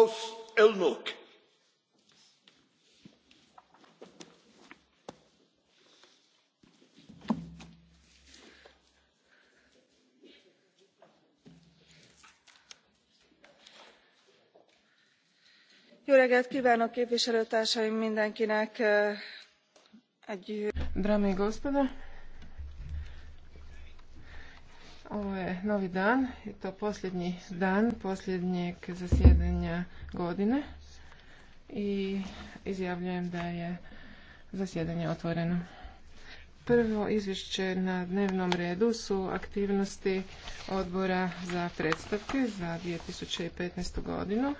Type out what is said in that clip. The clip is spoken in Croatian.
aus elnök! jó reggelt kvánok képviselőtársaim mindenkinek! Eh, egy i Ovo je novi dan i to posljednji dan posljednjeg zasjedanja godine i izjavljujem da je zasjedanje otvoreno. Prvo izvješće na dnevnom redu su aktivnosti odbora za predstavke za 2015. godinu.